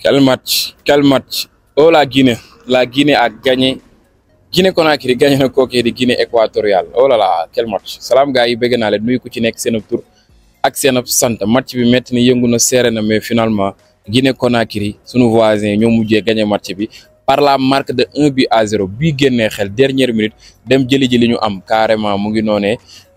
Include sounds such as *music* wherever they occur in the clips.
Quel match, quel match. Oh la Guinée, la Guinée a gagné. Guinée Conakry gagné na kookee di Guinée équatoriale oh là quel match salaam gars yi bëgg naa leen nuyu ku ci nekk seen ab ak seen ab sant match bi métti na yëngu na seere na mais finalement Guinée Conakry sunu voisin ñoo mujjee gagné match bi par la marque de un but à zéro bii génnee xel dernière minute dem jëli ji li ñu am carrément mu ngi noone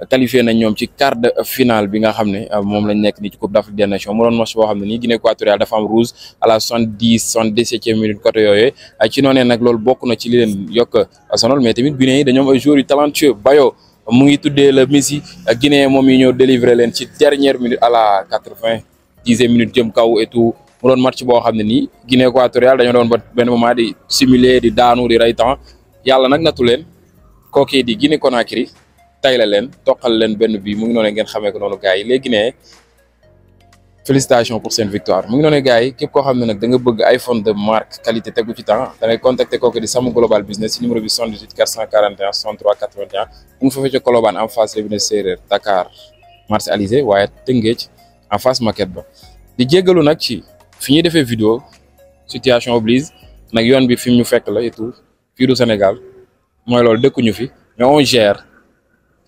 qualifié na ñoom ci quart de finale bi nga xam ne euh, moom lañ nekk ni ci Coupe d'Afrique des Nations mu doon match boo ne nii Guinée équatoriale dafa am rouge à la soixante-dix euh, ci noonee nag loolu bokk na ci li leen yokk sonal mais tamit Guinée yi dañoo am ay joueurs yu Bayo mu ngi tuddee la Messi euh, Guinée moom yi ñëw délivrer leen ci dernière minute à la quatre-vingt-dixième minute jëm kaw et mu doon match boo xam ne nii Guinée équatoriale dañoo doon ba benn moment di simuler di daanu di rey temps yàlla nag nattu leen kookii di Guinée Conakry tay leen toqal leen benn bi mu ngi noonu ngeen xamee ko noonu gars yi léegi ne félicitations pour seen victoire mu ngi noonu gars yi képp xam ne nag da nga bëgg iPhone de marque qualité tegu ci temps da ngay contacter di Sam Global Business ci numéro bi mu ngi foofee ca en face Robinet Séeréer fi ñuy defee vidéo situation oblige nag yoon bi fi ñu fekk la et tout Sénégal mooy loolu dëkkuñu fi mais on gère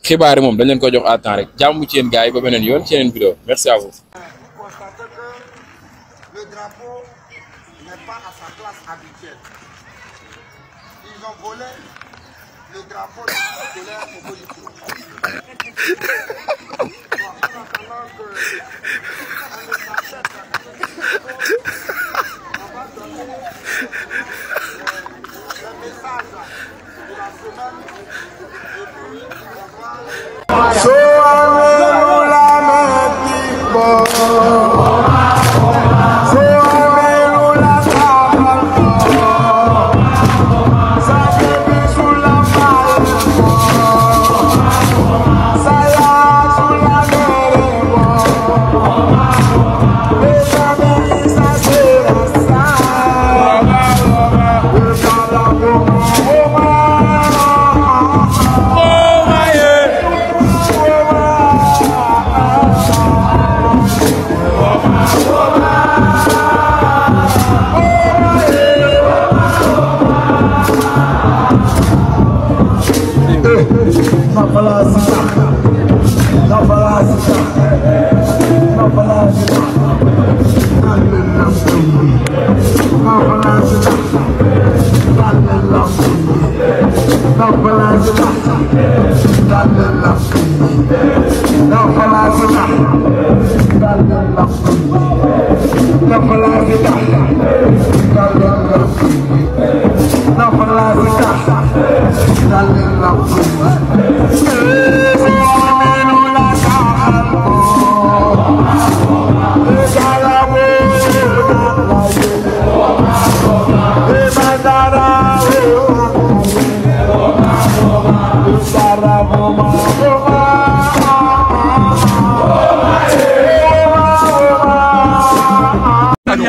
xibaar yi moom dañ leen ko jox à temps rek jàmm ci yéen gaay yi ba beneen yoon ci yeneen vidéo merci à vous. So Thank you.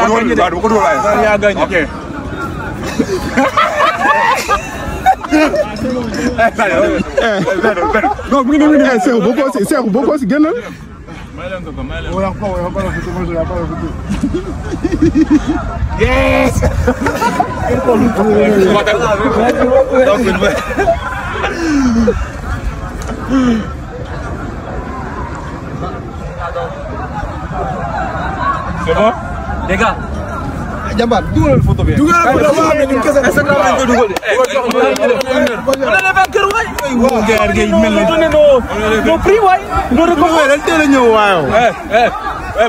gagné waaw du ko dugal waaye yaa gagné ok. non mu ngi nii mu ngi nii eh, Seex boo ko si Seex boo ko si génnal. yes. C'est bon les gars. jàmbaar dugalal photo bi. dugalal photo bi waaw ñun kese. est-ce que da nga koy dugal.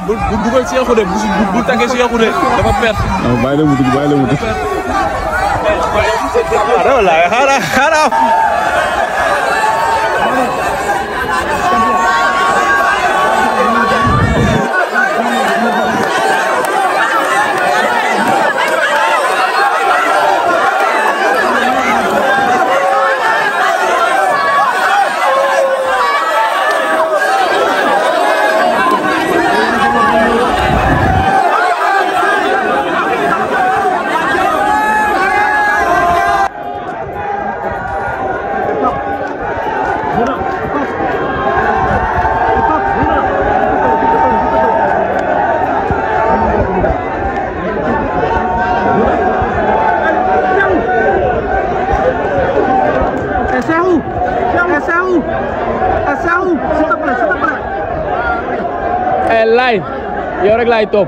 bu bu dugal si yàqu de bu bu tàggee si yàqu de dafa perte. waaw bàyyi la mu dugg bàyyi la mu dugg. Serrou Serrou Serrou s'il te plaît s'il te plaît. eh laay yow rek laay topp.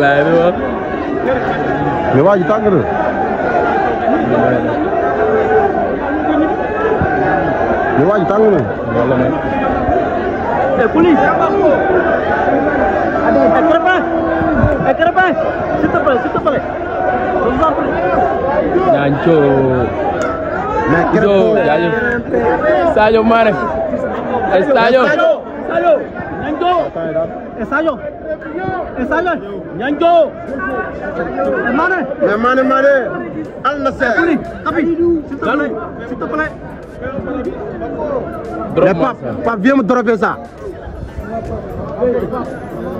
laay di wax. mais waa ji te plaît ñaaco iso jaajëf Sadio Mané Sadio Sadio Sadio ñaaco Mané Mané Mané Al Nassr s'il te plaît mais Pape Pape viens me dropper ça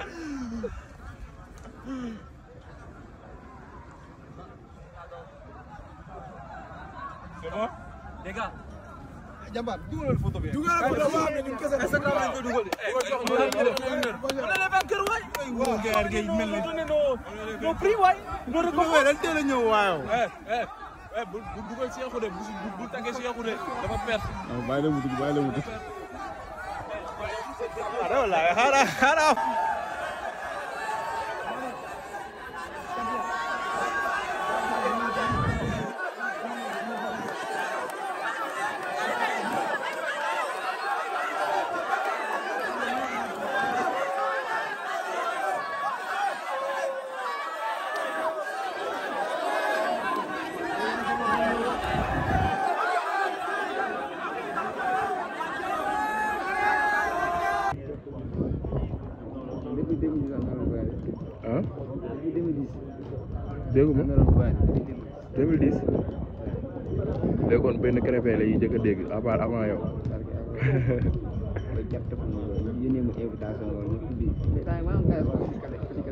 C'est bon les gars. jàmbaar dugalal photo bi. dugalal photo bi waaw ñun kese la. est-ce que daal lañ koy dugal. bu dugal Cheikhou de bu bu tàggee Cheikhou de dafa perte. waaw bàyyi la mu dugg bàyyi la mu dugg. 2010. déggu ma 2010 léegi kon benn crépé la ñuy njëkk a dégg à part avant yow.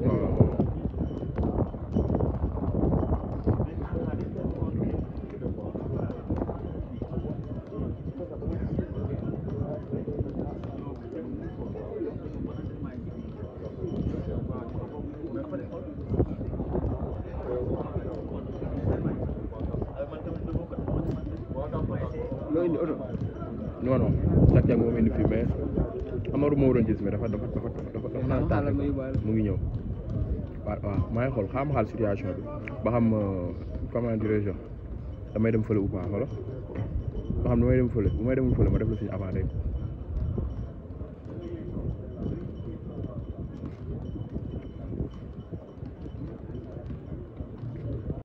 *laughs* *laughs* waaw. indi oto non non Sa Thiès moom indi fii mais Amadou moo doon gis dafa dafa dafa dafa dafa naan tànk mu ngi ñëw waaw waaw maa ngi xool xam xaal situation bi ba xam euh, comment dirais-je damay dem fële ou pas xoolal ba xam damay dem fële bu may demul fële ma def la suñu avant rek